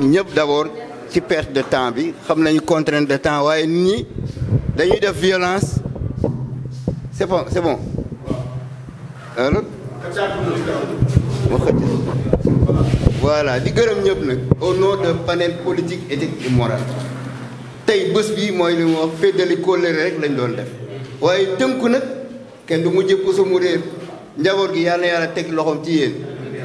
ñëpp d'abord ci perte de temps bi xam nañu contrainte de temps waaye nit ñi dañuy def violence c'est bon c'est bon alors voilà di gërëm ñëpp nag au nom de panel politique éthique et moral tey bés bi mooy li mu wax féddali kóllëre rek lañ doon def waaye tënku nag kenn du mujj puso mu réer njaboot gi yàlla yàlla teg loxom ci yéen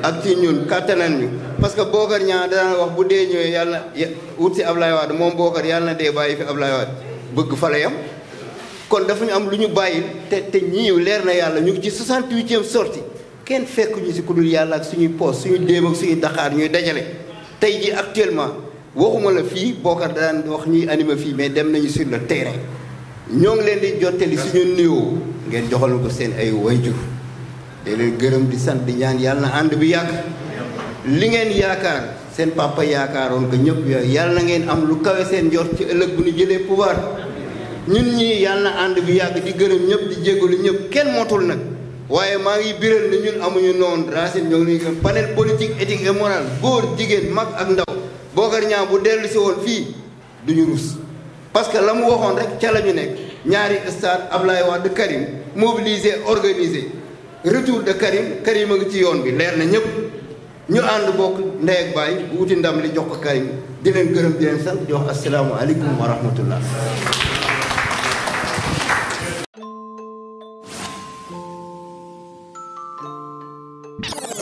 ak ci ñun kàttanan ñu parce que Bocar Niang daan wax bu dee ñëwee yàlla na wut si Ablaye Wade moom Bocar yàlla na dee bàyyi fi Ablaye Wade bëgg fa la yam kon dafa ñu am lu ñu bàyyil te te ñii leer na yàlla ñu ngi ci 68e sortie kenn fekk ñu si ku dul yàlla ak suñuy poos suñu déem ak suñuy daxaar ñuy dajale tey ji actuellement waxuma la fii Bocar daan wax ñuy animé fii mais dem nañu sur le terrain ñoo ngi leen di jottali suñu nuyoo ngeen joxal ko seen ay wayjur de leen gërëm di sant di ñaan yàlla ànd bi yàgg li ngeen yaakaar seen papa yaakaaroon ko ñëpp yooyu yàlla na ngeen am lu kawe seen njort ci ëllëg bu ñu jëlee pouvoir ñun ñii yàlla na ànd bi yàgg di gërëm ñëpp di jégalu ñëpp kenn motul nag waaye maa ngi biral ni ñun amuñu noonu racine ñoo ngi leen panel politique éthique et morale góor jigéen mag ak ndaw Bocar Niang bu dellu si woon fii duñu rus parce que la mu waxoon rek ca la ñu nekk ñaari stade Ablaye Wade Karim mobilisé organisé retour de Karim Karim a ngi ci yoon bi leer na ñëpp. ñu ànd bokk ndeeg bàyyi bu wuti ndam li jox ko karim di len gëreum di len sant di wax assalamu alaykum wa rahmatullah you